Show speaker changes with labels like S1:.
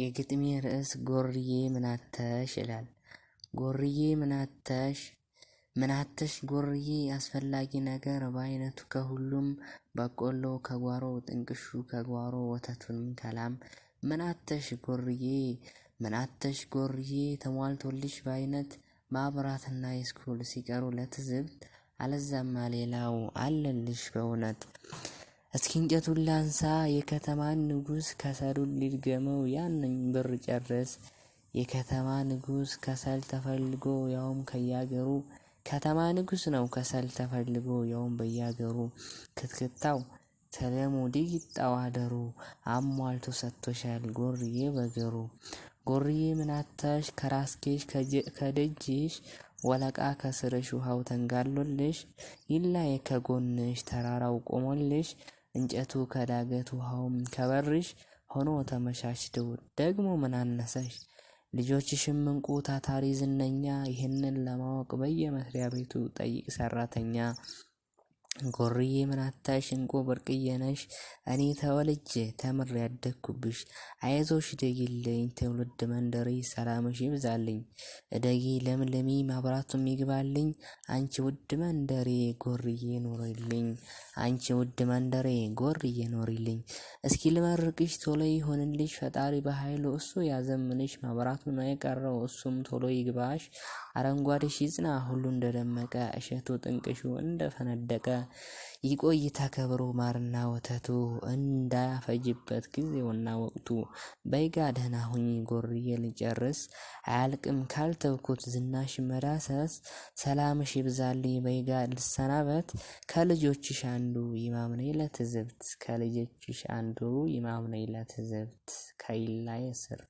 S1: የግጥሜ ርዕስ ጎርዬ ምናተሽ ይላል። ጎርዬ ምናተሽ ምናተሽ ጎርዬ አስፈላጊ ነገር በአይነቱ ከሁሉም በቆሎ ከጓሮ ጥንቅሹ ከጓሮ ወተቱንም ከላም ምናተሽ ጎርዬ ምናተሽ ጎርዬ ተሟልቶልሽ በአይነት ማብራትና የስኩል ሲቀሩ ለትዝብት አለዛማ ሌላው አለልሽ በእውነት እስኪ እንጨቱን ላንሳ የከተማን ንጉስ ከሰሉን ሊድገመው ያንን ብር ጨርስ የከተማ ንጉስ ከሰል ተፈልጎ ያውም ከያገሩ ከተማ ንጉስ ነው ከሰል ተፈልጎ ያውም በያገሩ ክትክታው ተለሞ ዲጊጣው አደሩ አሟልቶ ሰጥቶሻል ጎርዬ በገሩ ጎርዬ ምናታሽ ከራስኬሽ ከደጅሽ ወለቃ ከስርሽ ውሃው ተንጋሎልሽ ይላ ከጎንሽ ተራራው ቆሞልሽ እንጨቱ ከዳገት ውሃውም ከበርሽ ሆኖ ተመቻችተው ደግሞ ምን አነሰሽ? ልጆችሽም እንቁ ታታሪ ዝነኛ፣ ይህንን ለማወቅ በየመስሪያ ቤቱ ጠይቅ ሰራተኛ። ጎርዬ ምናታሽ እንቁ ብርቅዬ ነሽ እኔ ተወልጄ ተምሬ ያደግኩብሽ አይዞሽ እደጊልኝ ትውልድ መንደሪ ሰላምሽ ይብዛልኝ እደጊ ለምለሚ ማብራቱም ይግባልኝ አንቺ ውድ መንደሬ ጎርዬ ኖሪልኝ አንቺ ውድ መንደሬ ጎርዬ ኖሪልኝ እስኪ ልመርቅሽ ቶሎ ይሆንልሽ ፈጣሪ በኃይሉ እሱ ያዘምንሽ ማብራቱን አይቀረው እሱም ቶሎ ይግባሽ አረንጓዴሽ ይጽና ሁሉ እንደደመቀ እሸቱ ጥንቅሹ እንደፈነደቀ ይቆይ ተከብሮ ማርና ወተቱ እንዳያፈጅበት ጊዜውና ወቅቱ በይጋ ደህና ሁኝ ጎርዬ ልጨርስ አያልቅም ካልተውኩት ዝናሽ መዳሰስ ሰላምሽ ይብዛልኝ በይጋ ልሰናበት ከልጆችሽ አንዱ ይማምነኝ ለትዝብት ከልጆችሽ አንዱ ይማምነኝ ለትዝብት ከይላየ ስር